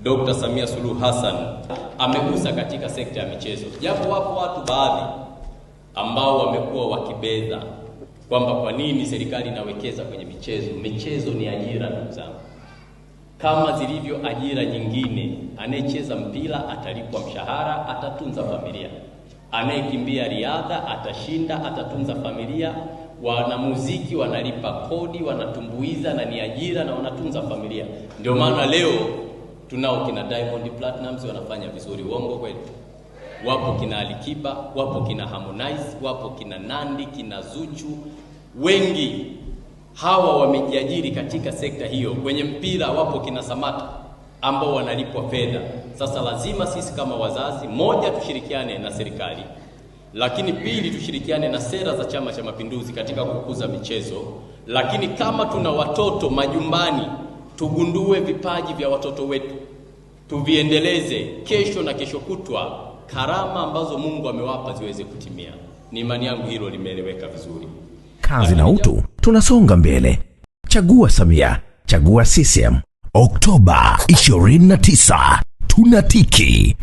Dr. Samia Suluhu Hassan amegusa katika sekta ya michezo, japo wapo watu baadhi ambao wamekuwa wakibeza kwamba kwa nini serikali inawekeza kwenye michezo. Michezo ni ajira, ndugu zangu, kama zilivyo ajira nyingine. Anayecheza mpira atalipwa mshahara, atatunza familia. Anayekimbia riadha atashinda, atatunza familia. Wanamuziki wanalipa kodi, wanatumbuiza na ni ajira na wanatunza familia. Ndio maana leo tunao kina Diamond Platnumz wanafanya vizuri, uongo kweli? Wapo kina Alikiba, wapo kina Harmonize, wapo kina Nandi, kina Zuchu, wengi hawa wamejiajiri katika sekta hiyo. Kwenye mpira wapo kina Samata ambao wanalipwa fedha. Sasa lazima sisi kama wazazi, moja, tushirikiane na serikali, lakini pili, tushirikiane na sera za Chama cha Mapinduzi katika kukuza michezo, lakini kama tuna watoto majumbani tugundue vipaji vya watoto wetu, tuviendeleze kesho na kesho kutwa, karama ambazo Mungu amewapa ziweze kutimia. Ni imani yangu hilo limeeleweka vizuri. Kazi na utu, tunasonga mbele. Chagua Samia, chagua CCM. Oktoba 29 tunatiki.